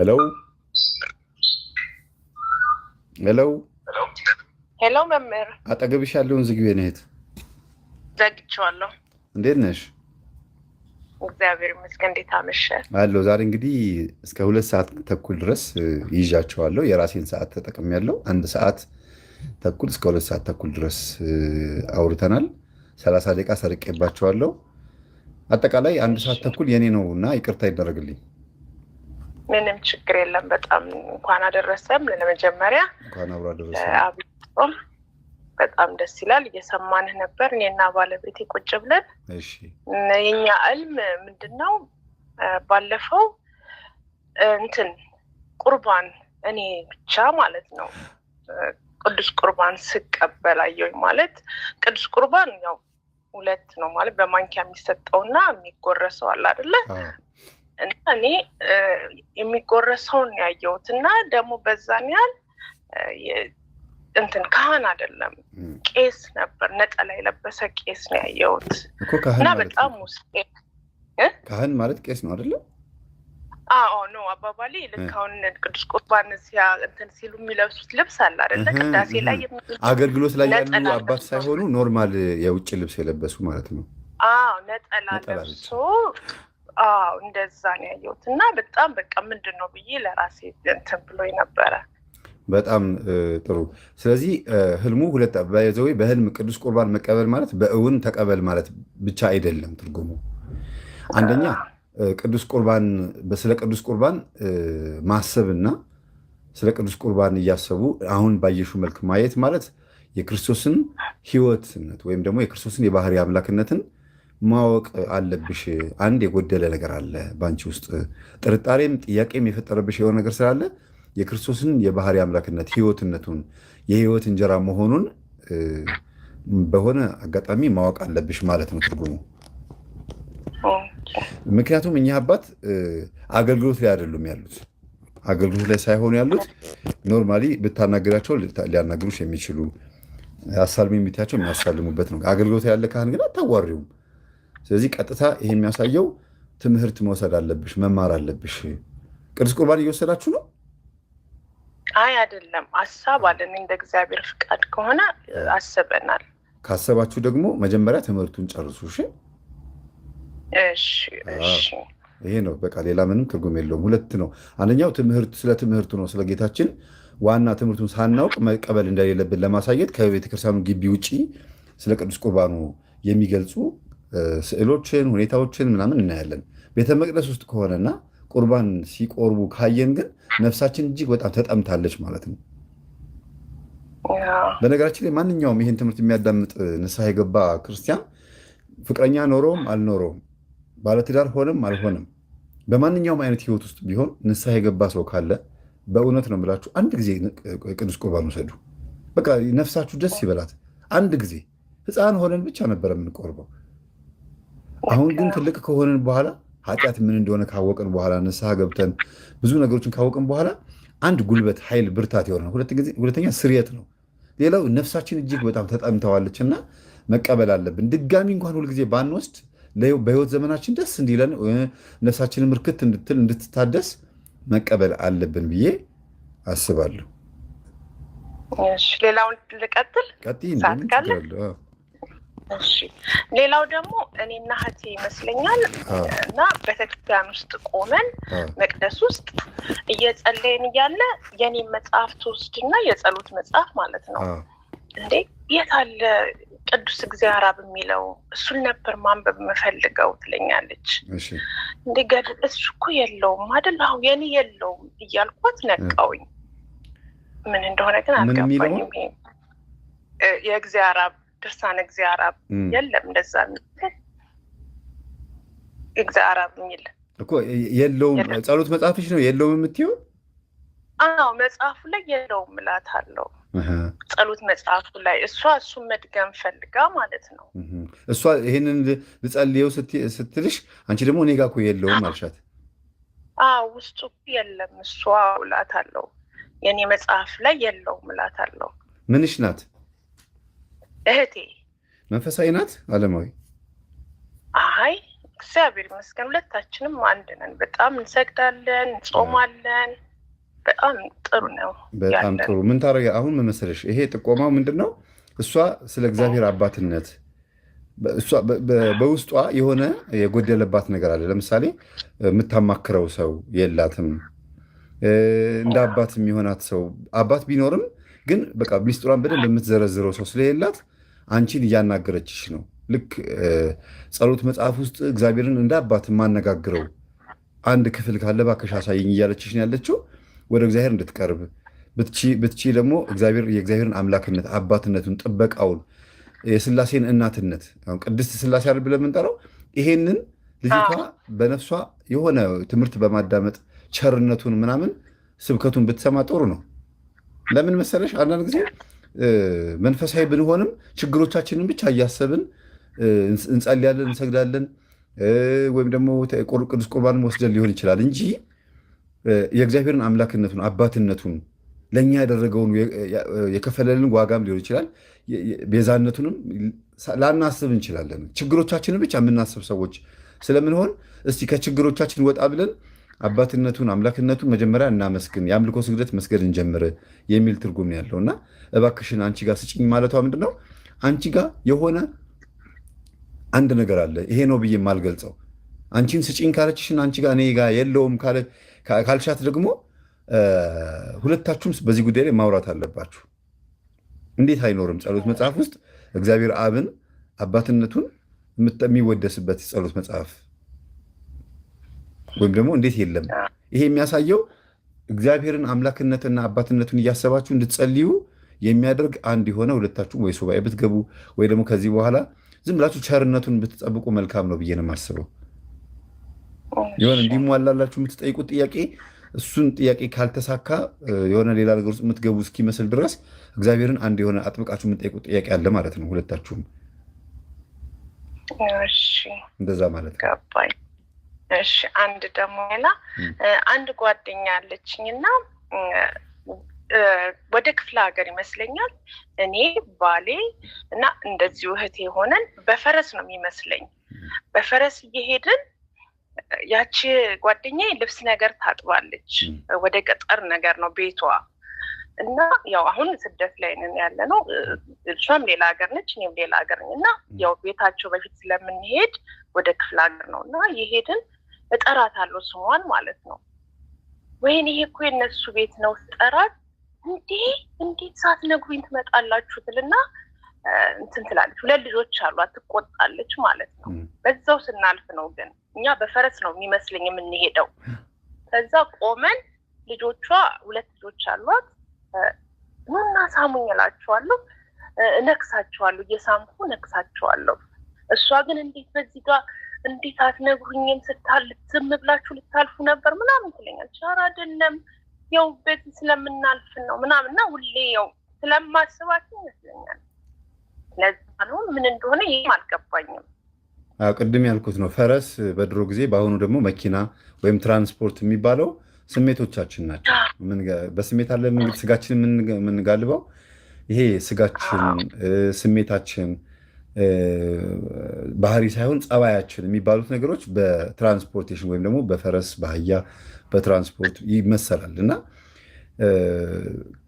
ሄሎ ሄሎ ሄሎ፣ መምህር አጠገብሽ ያለውን ዝግቤ ነሄት ዘግቼዋለሁ። እንዴት ነሽ? እግዚአብሔር ይመስገን። እንዴት አመሸ አለው። ዛሬ እንግዲህ እስከ ሁለት ሰዓት ተኩል ድረስ ይዣቸዋለሁ። የራሴን ሰዓት ተጠቅሜያለሁ። አንድ ሰዓት ተኩል እስከ ሁለት ሰዓት ተኩል ድረስ አውርተናል። ሰላሳ ደቂቃ ሰርቄባቸዋለሁ። አጠቃላይ አንድ ሰዓት ተኩል የኔ ነው እና ይቅርታ ይደረግልኝ። ምንም ችግር የለም። በጣም እንኳን አደረሰም። ለመጀመሪያ እንኳን አብሮ አደረሰም። በጣም ደስ ይላል። እየሰማንህ ነበር። እኔና ባለቤቴ ቁጭ ብለን የኛ እልም ምንድን ነው? ባለፈው እንትን ቁርባን እኔ ብቻ ማለት ነው ቅዱስ ቁርባን ስቀበል አየሁኝ። ማለት ቅዱስ ቁርባን ያው ሁለት ነው ማለት በማንኪያ የሚሰጠውና የሚጎረሰው አለ አይደለ? እና እኔ የሚጎረሰውን ያየሁት እና ደግሞ በዛን ያህል እንትን ካህን አይደለም ቄስ ነበር። ነጠላ የለበሰ ቄስ ነው ያየሁት እና በጣም ውስጥ ካህን ማለት ቄስ ነው አይደለም? አዎ ነው አባባሌ። ልክ አሁን ቅዱስ ቁርባን እንትን ሲሉ የሚለብሱት ልብስ አለ አይደለ? ቅዳሴ ላይ አገልግሎት ላይ ያሉ አባት ሳይሆኑ ኖርማል የውጭ ልብስ የለበሱ ማለት ነው። አዎ ነጠላ ለብሶ አዎ እንደዛ ነው ያየሁት እና በጣም በቃ ምንድን ነው ብዬ ለራሴ እንትን ብሎ ነበረ። በጣም ጥሩ። ስለዚህ ህልሙ ሁለት ዘዌ በህልም ቅዱስ ቁርባን መቀበል ማለት በእውን ተቀበል ማለት ብቻ አይደለም ትርጉሙ። አንደኛ ቅዱስ ቁርባን ስለ ቅዱስ ቁርባን ማሰብና ስለ ቅዱስ ቁርባን እያሰቡ አሁን ባየሹ መልክ ማየት ማለት የክርስቶስን ህይወትነት ወይም ደግሞ የክርስቶስን የባህሪ አምላክነትን ማወቅ አለብሽ። አንድ የጎደለ ነገር አለ በአንቺ ውስጥ ጥርጣሬም ጥያቄም የፈጠረብሽ የሆነ ነገር ስላለ የክርስቶስን የባህሪ አምላክነት ህይወትነቱን የህይወት እንጀራ መሆኑን በሆነ አጋጣሚ ማወቅ አለብሽ ማለት ነው ትርጉሙ። ምክንያቱም እኚህ አባት አገልግሎት ላይ አይደሉም ያሉት፣ አገልግሎት ላይ ሳይሆኑ ያሉት ኖርማሊ ብታናግዳቸው ሊያናግሩሽ የሚችሉ አሳልሚ የሚትያቸው የሚያሳልሙበት ነው። አገልግሎት ያለ ካህን ግን አታዋሪውም ስለዚህ ቀጥታ ይሄ የሚያሳየው ትምህርት መውሰድ አለብሽ፣ መማር አለብሽ። ቅዱስ ቁርባን እየወሰዳችሁ ነው? አይ አይደለም፣ አሳብ አለን። እንደ እግዚአብሔር ፍቃድ ከሆነ አስበናል። ካሰባችሁ ደግሞ መጀመሪያ ትምህርቱን ጨርሱ። እሺ፣ እሺ። ይሄ ነው በቃ፣ ሌላ ምንም ትርጉም የለውም። ሁለት ነው። አንደኛው ትምህርት ስለ ትምህርቱ ነው፣ ስለ ጌታችን ዋና ትምህርቱን ሳናውቅ መቀበል እንደሌለብን ለማሳየት ከቤተክርስቲያኑ ግቢ ውጪ ስለ ቅዱስ ቁርባኑ የሚገልጹ ስዕሎችን፣ ሁኔታዎችን ምናምን እናያለን። ቤተ መቅደስ ውስጥ ከሆነና ቁርባን ሲቆርቡ ካየን ግን ነፍሳችን እጅግ በጣም ተጠምታለች ማለት ነው። በነገራችን ላይ ማንኛውም ይህን ትምህርት የሚያዳምጥ ንስሐ የገባ ክርስቲያን ፍቅረኛ ኖሮም አልኖረውም ባለትዳር ሆንም አልሆንም በማንኛውም አይነት ህይወት ውስጥ ቢሆን ንስሐ የገባ ሰው ካለ በእውነት ነው የምላችሁ፣ አንድ ጊዜ ቅዱስ ቁርባን ውሰዱ። በቃ ነፍሳችሁ ደስ ይበላት። አንድ ጊዜ ህፃን ሆነን ብቻ ነበረ የምንቆርበው አሁን ግን ትልቅ ከሆነን በኋላ ኃጢአት ምን እንደሆነ ካወቅን በኋላ ንስሐ ገብተን ብዙ ነገሮችን ካወቅን በኋላ አንድ ጉልበት፣ ኃይል፣ ብርታት ይሆናል። ሁለተኛ ስርየት ነው። ሌላው ነፍሳችን እጅግ በጣም ተጠምተዋለች እና መቀበል አለብን። ድጋሚ እንኳን ሁልጊዜ ባንወስድ በህይወት ዘመናችን ደስ እንዲለን ነፍሳችን ምርክት እንድትል እንድትታደስ መቀበል አለብን ብዬ አስባለሁ። ሌላውን ልቀጥል ሳትካለ እሺ ሌላው ደግሞ እኔና እህቴ ይመስለኛል እና ቤተክርስቲያን ውስጥ ቆመን መቅደስ ውስጥ እየጸለይን እያለ የኔም መጽሐፍ ትወስድና የጸሎት መጽሐፍ ማለት ነው እንዴ የት አለ ቅዱስ እግዚአብሔር አብ የሚለው እሱን ነበር ማንበብ የምፈልገው ትለኛለች። እንዴ ገድ እሱ እኮ የለውም አይደል? አሁ የኔ የለውም እያልኳት ነቃውኝ። ምን እንደሆነ ግን አልገባኝም። የእግዚአብሔር አብ ድርሳነ እግዚአብሔር አብ የለም። እንደዛ እግዚአብሔር የሚል እኮ የለውም። ጸሎት መጽሐፍሽ ነው የለውም የምትይው? አዎ መጽሐፉ ላይ የለውም አለው ጸሎት መጽሐፉ ላይ እሷ እሱን መድገም ፈልጋ ማለት ነው። እሷ ይህንን ልጸልየው ስትልሽ አንቺ ደግሞ እኔ ጋ እኮ የለውም አልሻት። ውስጡ የለም እሷ አለው። የእኔ መጽሐፍ ላይ የለውም አለው። ምንሽ ናት እህቴ መንፈሳዊ ናት አለማዊ? አይ እግዚአብሔር ይመስገን ሁለታችንም አንድ ነን። በጣም እንሰግዳለን፣ እንጾማለን። በጣም ጥሩ ነው። በጣም ጥሩ። ምን ታደርጊ አሁን መመሰለሽ፣ ይሄ ጥቆማው ምንድን ነው? እሷ ስለ እግዚአብሔር አባትነት በውስጧ የሆነ የጎደለባት ነገር አለ። ለምሳሌ የምታማክረው ሰው የላትም፣ እንደ አባት የሚሆናት ሰው አባት ቢኖርም ግን በቃ ሚስጥሯን በደንብ የምትዘረዝረው ሰው ስለሌላት አንቺን እያናገረችሽ ነው። ልክ ጸሎት መጽሐፍ ውስጥ እግዚአብሔርን እንደ አባት የማነጋግረው አንድ ክፍል ካለ እባክሽ አሳይኝ እያለችሽ ነው ያለችው። ወደ እግዚአብሔር እንድትቀርብ ብትቺ ደግሞ የእግዚአብሔርን አምላክነት አባትነቱን፣ ጥበቃውን፣ የስላሴን እናትነት ቅድስት ስላሴ አይደል ብለን የምንጠራው ይሄንን ልጅቷ በነፍሷ የሆነ ትምህርት በማዳመጥ ቸርነቱን ምናምን ስብከቱን ብትሰማ ጥሩ ነው። ለምን መሰለሽ አንዳንድ ጊዜ መንፈሳዊ ብንሆንም ችግሮቻችንን ብቻ እያሰብን እንጸልያለን፣ እንሰግዳለን ወይም ደግሞ ቅዱስ ቁርባን ወስደን ሊሆን ይችላል እንጂ የእግዚአብሔርን አምላክነቱን አባትነቱን ለእኛ ያደረገውን የከፈለልን ዋጋም ሊሆን ይችላል ቤዛነቱንም ላናስብ እንችላለን። ችግሮቻችንን ብቻ የምናስብ ሰዎች ስለምንሆን እስቲ ከችግሮቻችን ወጣ ብለን አባትነቱን አምላክነቱን መጀመሪያ እናመስግን፣ የአምልኮ ስግደት መስገድ እንጀምር የሚል ትርጉም ያለው እና እባክሽን አንቺ ጋር ስጭኝ ማለቷ ምንድን ነው? አንቺ ጋር የሆነ አንድ ነገር አለ፣ ይሄ ነው ብዬ የማልገልጸው። አንቺን ስጭኝ ካለችሽን አንቺ ጋር እኔ ጋር የለውም ካልሻት ደግሞ ሁለታችሁም በዚህ ጉዳይ ላይ ማውራት አለባችሁ። እንዴት አይኖርም? ጸሎት መጽሐፍ ውስጥ እግዚአብሔር አብን አባትነቱን የሚወደስበት ጸሎት መጽሐፍ ወይም ደግሞ እንዴት የለም። ይሄ የሚያሳየው እግዚአብሔርን አምላክነትና አባትነቱን እያሰባችሁ እንድትጸልዩ የሚያደርግ አንድ የሆነ ሁለታችሁም ወይ ሱባኤ ብትገቡ ወይ ደግሞ ከዚህ በኋላ ዝም ብላችሁ ቸርነቱን ብትጠብቁ መልካም ነው ብዬ ነው የማስበው። የሆነ እንዲሟላላችሁ የምትጠይቁት ጥያቄ እሱን ጥያቄ ካልተሳካ የሆነ ሌላ ነገር ውስጥ የምትገቡ እስኪመስል ድረስ እግዚአብሔርን አንድ የሆነ አጥብቃችሁ የምትጠይቁት ጥያቄ አለ ማለት ነው። ሁለታችሁም እንደዛ ማለት ነው። እሺ አንድ ደግሞ ሌላ አንድ ጓደኛ አለችኝ እና ወደ ክፍለ ሀገር ይመስለኛል እኔ ባሌ እና እንደዚሁ እህቴ የሆነን በፈረስ ነው የሚመስለኝ በፈረስ እየሄድን ያቺ ጓደኛ ልብስ ነገር ታጥባለች ወደ ገጠር ነገር ነው ቤቷ እና ያው አሁን ስደት ላይ ነን ያለ ነው እሷም ሌላ ሀገር ነች እኔም ሌላ ሀገር ነኝ እና ያው ቤታቸው በፊት ስለምንሄድ ወደ ክፍለ ሀገር ነው እና የሄድን እጠራታለሁ ስሟን ማለት ነው። ወይን ይሄ እኮ የነሱ ቤት ነው ስጠራት፣ እንዴ እንዴት ሳትነግሩኝ ትመጣላችሁ ትልና እንትን ትላለች። ሁለት ልጆች አሏት፣ ትቆጣለች ማለት ነው። በዛው ስናልፍ ነው ግን እኛ በፈረስ ነው የሚመስለኝ የምንሄደው። ከዛ ቆመን ልጆቿ ሁለት ልጆች አሏት ኑና ሳሙኝ እላቸዋለሁ፣ እነክሳቸዋለሁ፣ እየሳምኩ እነክሳቸዋለሁ። እሷ ግን እንዴት በዚህ ጋር እንዴት አትነግሩኝም? ስታል ዝም ብላችሁ ልታልፉ ነበር ምናምን ትለኛለች። ኧረ አይደለም ያው ቤት ስለምናልፍ ነው ምናምን እና ሁሌ ያው ስለማስባት ይመስለኛል። ስለዚህ አሁን ምን እንደሆነ ይህም አልገባኝም። ቅድም ያልኩት ነው ፈረስ በድሮ ጊዜ፣ በአሁኑ ደግሞ መኪና ወይም ትራንስፖርት የሚባለው ስሜቶቻችን ናቸው። በስሜት አለ ስጋችን የምንጋልበው ይሄ ስጋችን ስሜታችን ባህሪ ሳይሆን ጸባያችን የሚባሉት ነገሮች በትራንስፖርቴሽን ወይም ደግሞ በፈረስ በአህያ በትራንስፖርት ይመሰላል እና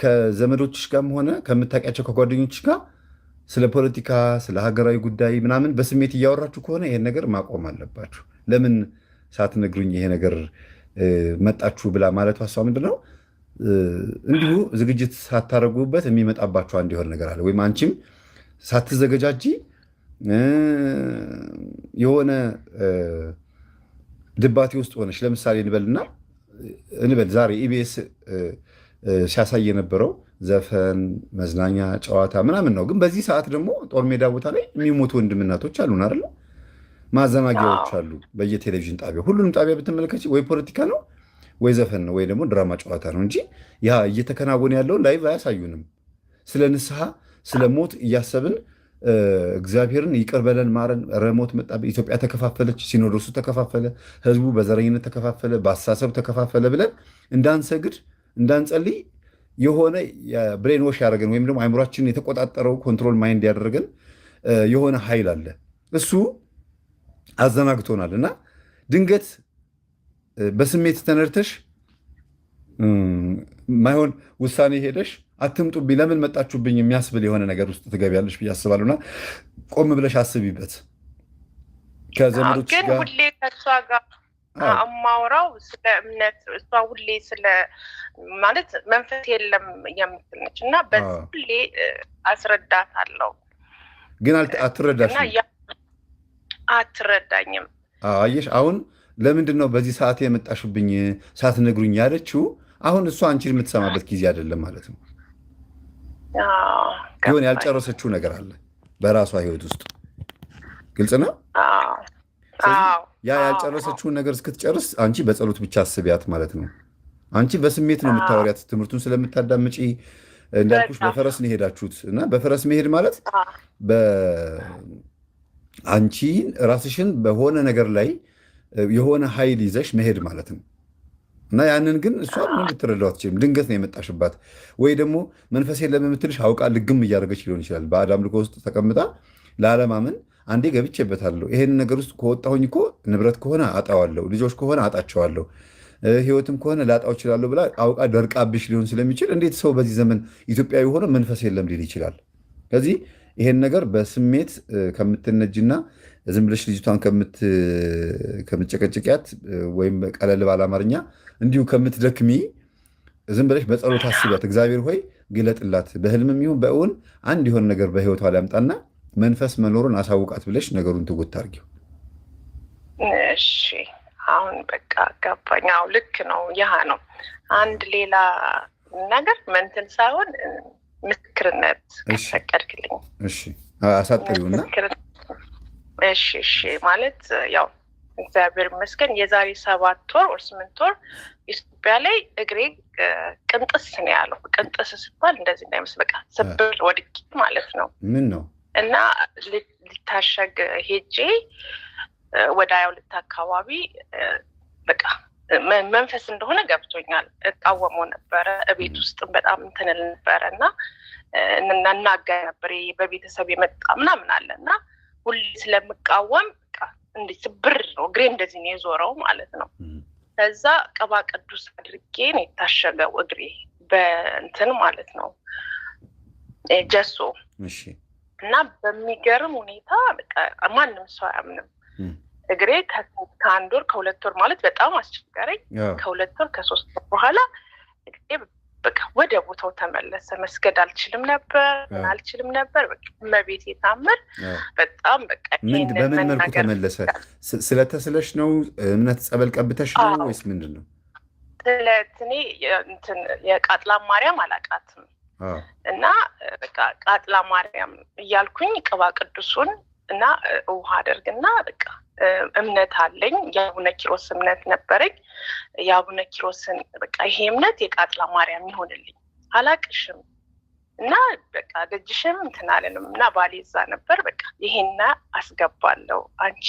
ከዘመዶችሽ ጋርም ሆነ ከምታውቂያቸው ከጓደኞች ጋር ስለ ፖለቲካ ስለ ሀገራዊ ጉዳይ ምናምን በስሜት እያወራችሁ ከሆነ ይሄን ነገር ማቆም አለባችሁ። ለምን ሳትነግሩኝ ይሄ ነገር መጣችሁ ብላ ማለቱ እሷ ምንድን ነው እንዲሁ ዝግጅት ሳታደርጉበት የሚመጣባችሁ አንድ የሆነ ነገር አለ ወይም አንቺም ሳትዘገጃጂ የሆነ ድባቴ ውስጥ ሆነች። ለምሳሌ እንበልና እንበል ዛሬ ኢቢኤስ ሲያሳይ የነበረው ዘፈን፣ መዝናኛ፣ ጨዋታ ምናምን ነው። ግን በዚህ ሰዓት ደግሞ ጦር ሜዳ ቦታ ላይ የሚሞቱ ወንድምናቶች አሉን አይደለ? ማዘናጊያዎች አሉ በየቴሌቪዥን ጣቢያ። ሁሉንም ጣቢያ ብትመለከች ወይ ፖለቲካ ነው ወይ ዘፈን ነው ወይ ደግሞ ድራማ ጨዋታ ነው እንጂ ያ እየተከናወነ ያለውን ላይቭ አያሳዩንም። ስለ ንስሐ ስለ ሞት እያሰብን እግዚአብሔርን ይቅር በለን ማረን። ረሞት መጣ፣ ኢትዮጵያ ተከፋፈለች፣ ሲኖዶሱ ተከፋፈለ፣ ህዝቡ በዘረኝነት ተከፋፈለ፣ በአስተሳሰብ ተከፋፈለ ብለን እንዳንሰግድ እንዳንጸልይ የሆነ ብሬንዎሽ ያደረገን ወይም ደግሞ አይምሯችን የተቆጣጠረው ኮንትሮል ማይንድ ያደረገን የሆነ ኃይል አለ። እሱ አዘናግቶናል እና ድንገት በስሜት ተነድተሽ ማይሆን ውሳኔ ሄደሽ አትምጡብኝ፣ ለምን መጣችሁብኝ የሚያስብል የሆነ ነገር ውስጥ ትገቢያለሽ ብዬ አስባለሁና ቆም ብለሽ አስቢበት። ከዘመዶች ግን ሁሌ ከእሷ ጋር እማወራው ስለ እምነት እሷ ሁሌ ስለ ማለት መንፈስ የለም የምትል ነች እና በዚህ ሁሌ አስረዳታለሁ፣ ግን አትረዳሽ አትረዳኝም። አየሽ አሁን ለምንድን ነው በዚህ ሰዓት የመጣሽብኝ ሳትነግሩኝ ያለችው? አሁን እሷ አንቺን የምትሰማበት ጊዜ አይደለም ማለት ነው። ቢሆን ያልጨረሰችው ነገር አለ በራሷ ህይወት ውስጥ ግልጽ ነው። ያ ያልጨረሰችውን ነገር እስክትጨርስ አንቺ በጸሎት ብቻ አስቢያት ማለት ነው። አንቺ በስሜት ነው የምታወሪያት ትምህርቱን ስለምታዳምጪ እንዳልኩሽ በፈረስ ነው የሄዳችሁት እና በፈረስ መሄድ ማለት አንቺ ራስሽን በሆነ ነገር ላይ የሆነ ኃይል ይዘሽ መሄድ ማለት ነው። እና ያንን ግን እሷ ምን ልትረዳው አትችልም። ድንገት ነው የመጣሽባት። ወይ ደግሞ መንፈሴን ለምምትልሽ አውቃ ልግም እያደረገች ሊሆን ይችላል። በአድ አምልኮ ውስጥ ተቀምጣ ለአለማመን አንዴ ገብቼበታለሁ፣ ይሄን ነገር ውስጥ ከወጣሁኝ እኮ ንብረት ከሆነ አጣዋለሁ፣ ልጆች ከሆነ አጣቸዋለሁ፣ ህይወትም ከሆነ ላጣው እችላለሁ ብላ አውቃ ደርቃብሽ ሊሆን ስለሚችል እንዴት ሰው በዚህ ዘመን ኢትዮጵያዊ ሆነ መንፈስ የለም ሊል ይችላል? ከዚህ ይሄን ነገር በስሜት ከምትነጅና ዝም ብለሽ ልጅቷን ከምትጨቀጭቂያት ወይም ቀለል ባለ አማርኛ እንዲሁ ከምትደክሚ ዝም ብለሽ በጸሎት አስቢያት። እግዚአብሔር ሆይ ግለጥላት፣ በህልምም ይሁን በእውን አንድ የሆነ ነገር በህይወቷ ሊያምጣና መንፈስ መኖሩን አሳውቃት ብለሽ ነገሩን ትጎት አድርጊው። እሺ አሁን በቃ ገባኝ። አዎ ልክ ነው። ያህ ነው አንድ ሌላ ነገር መንትን ሳይሆን ምስክርነት ፈቀድክልኝ። እሺ አሳጥሪውና እሺ እሺ ማለት ያው እግዚአብሔር ይመስገን የዛሬ ሰባት ወር ወር ስምንት ወር ኢትዮጵያ ላይ እግሬ ቅንጥስ ነው ያለው። ቅንጥስ ሲባል እንደዚህ እንዳይመስል በቃ ስብር ወድቂ ማለት ነው። ምን ነው እና ልታሸግ ሄጄ ወደ ሀያ ሁለት አካባቢ በቃ መንፈስ እንደሆነ ገብቶኛል። እቃወመው ነበረ። እቤት ውስጥም በጣም እንትንል ነበረ እና እናናጋ ነበር በቤተሰብ የመጣ ምናምን አለ እና ሁሌ ስለምቃወም እንዴት ብር ነው እግሬ እንደዚህ ነው የዞረው ማለት ነው። ከዛ ቅባ ቅዱስ አድርጌ ነው የታሸገው እግሬ በእንትን ማለት ነው ጀሶ እና በሚገርም ሁኔታ ማንም ሰው አያምንም። እግሬ ከአንድ ወር ከሁለት ወር ማለት በጣም አስቸጋረኝ። ከሁለት ወር ከሶስት ወር በኋላ እግሬ በቃ ወደ ቦታው ተመለሰ። መስገድ አልችልም ነበር አልችልም ነበር መቤት የታምር በጣም በቃ በምን መልኩ ተመለሰ? ስለተስለሽ ነው እምነት ጸበል ቀብተሽ ነው ወይስ ምንድን ነው? ስለትኔ የቃጥላ ማርያም አላቃትም እና በቃ ቃጥላ ማርያም እያልኩኝ ቅባ ቅዱሱን እና ውሃ አደርግና በቃ እምነት አለኝ። የአቡነ ኪሮስ እምነት ነበረኝ። የአቡነ ኪሮስን በቃ ይሄ እምነት የቃጥላ ማርያም ይሆንልኝ አላቅሽም እና በቃ ደጅሽም እንትን አለንም እና ባሌ እዛ ነበር። በቃ ይሄና አስገባለው አንቺ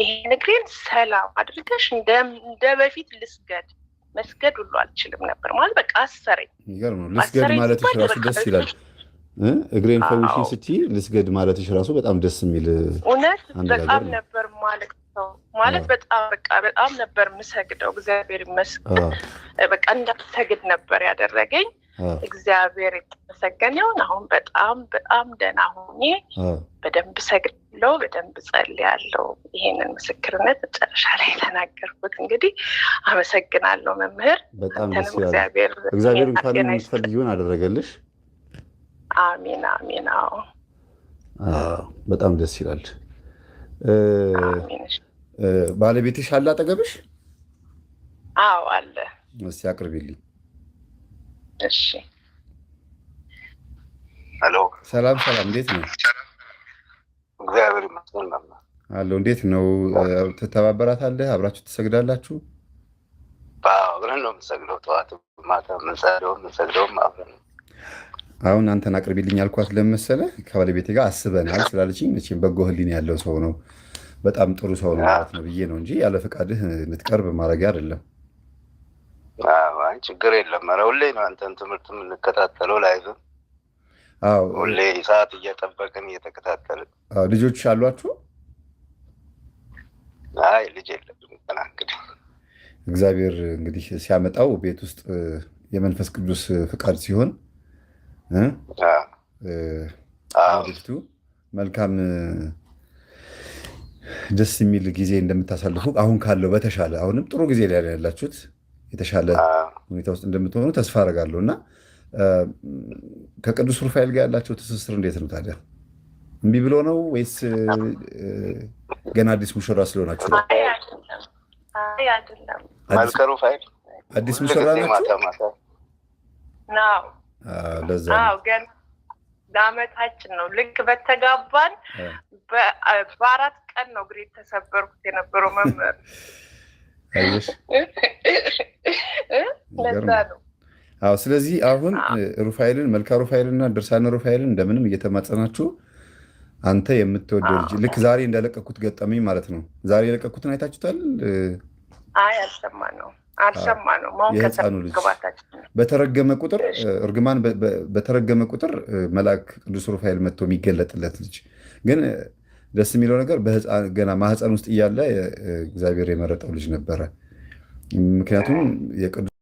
ይሄ እግሬን ሰላም አድርገሽ እንደ በፊት ልስገድ መስገድ ሁሉ አልችልም ነበር ማለት በቃ አሰረኝ። ልስገድ ማለት ራሱ ደስ ይላል። እግሬን ፈውሽኝ ስትይ ልስገድ ማለትሽ ራሱ በጣም ደስ የሚል እውነት፣ በጣም ነበር ማለት ማለት በጣም በቃ በጣም ነበር የምሰግደው። እግዚአብሔር ይመስገን። በቃ እንዳልሰግድ ነበር ያደረገኝ እግዚአብሔር የተመሰገን ይሁን። አሁን በጣም በጣም ደህና ሆኜ በደንብ ሰግዳለሁ፣ በደንብ ጸልያለሁ። ይሄንን ምስክርነት መጨረሻ ላይ የተናገርኩት እንግዲህ አመሰግናለሁ መምህር። በጣም እግዚአብሔር እግዚአብሔር እንኳን የምትፈልጊውን አደረገልሽ። አሜን አሜን። አዎ በጣም ደስ ይላል። ባለቤትሽ አለ አጠገብሽ? አዎ አለ። እስኪ አቅርቢልኝ። እሺ። ሄሎ፣ ሰላም ሰላም፣ እንዴት ነው? እግዚአብሔር ይመስገን። አሎ፣ እንዴት ነው? ትተባበራታለህ? አብራችሁ ትሰግዳላችሁ? አብረን ነው የምንሰግደው። ጠዋት ማታ የምንሰግደውም የምንሰግደውም አብረን ነው አሁን አንተን አቅርቢልኝ አልኳት ለመሰለ ከባለቤቴ ጋር አስበናል ስላለችኝ መቼም በጎ ህሊና ያለው ሰው ነው፣ በጣም ጥሩ ሰው ነው ማለት ነው ብዬ ነው እንጂ ያለ ፈቃድህ እንድትቀርብ ማድረግ አይደለም። ችግር የለም። ኧረ ሁሌ ነው አንተን ትምህርት የምንከታተለው ላይቭም ሁሌ ሰዓት እየጠበቅን እየተከታተልን። ልጆች አሏችሁ? አይ ልጅ የለም። እንግዲህ እግዚአብሔር እንግዲህ ሲያመጣው ቤት ውስጥ የመንፈስ ቅዱስ ፍቃድ ሲሆን ወደፊቱ መልካም ደስ የሚል ጊዜ እንደምታሳልፉ አሁን ካለው በተሻለ አሁንም ጥሩ ጊዜ ላይ ያላችሁት የተሻለ ሁኔታ ውስጥ እንደምትሆኑ ተስፋ አደርጋለሁ እና ከቅዱስ ሩፋኤል ጋር ያላቸው ትስስር እንዴት ነው ታዲያ? እምቢ ብሎ ነው ወይስ ገና አዲስ ሙሽራ ስለሆናችሁ ነው? አዲስ ሙሽራ ናቸው። ለዛ ገና ለአመታችን ነው። ልክ በተጋባን በአራት ቀን ነው ግሬት ተሰበርኩት የነበረው መምህር። ነው አዎ። ስለዚህ አሁን ሩፋኤልን መልካ ሩፋኤልና ድርሳነ ሩፋኤልን እንደምንም እየተማጸናችሁ አንተ የምትወደው ልጅ ልክ ዛሬ እንደለቀኩት ገጠመኝ ማለት ነው። ዛሬ የለቀኩትን አይታችሁታል? አይ አልሰማ ነው አልሰማ ነው። የህፃኑ ልጅ በተረገመ ቁጥር እርግማን በተረገመ ቁጥር መልአክ ቅዱስ ሩፋኤል መጥቶ የሚገለጥለት ልጅ ግን ደስ የሚለው ነገር ገና ማህፀን ውስጥ እያለ እግዚአብሔር የመረጠው ልጅ ነበረ። ምክንያቱም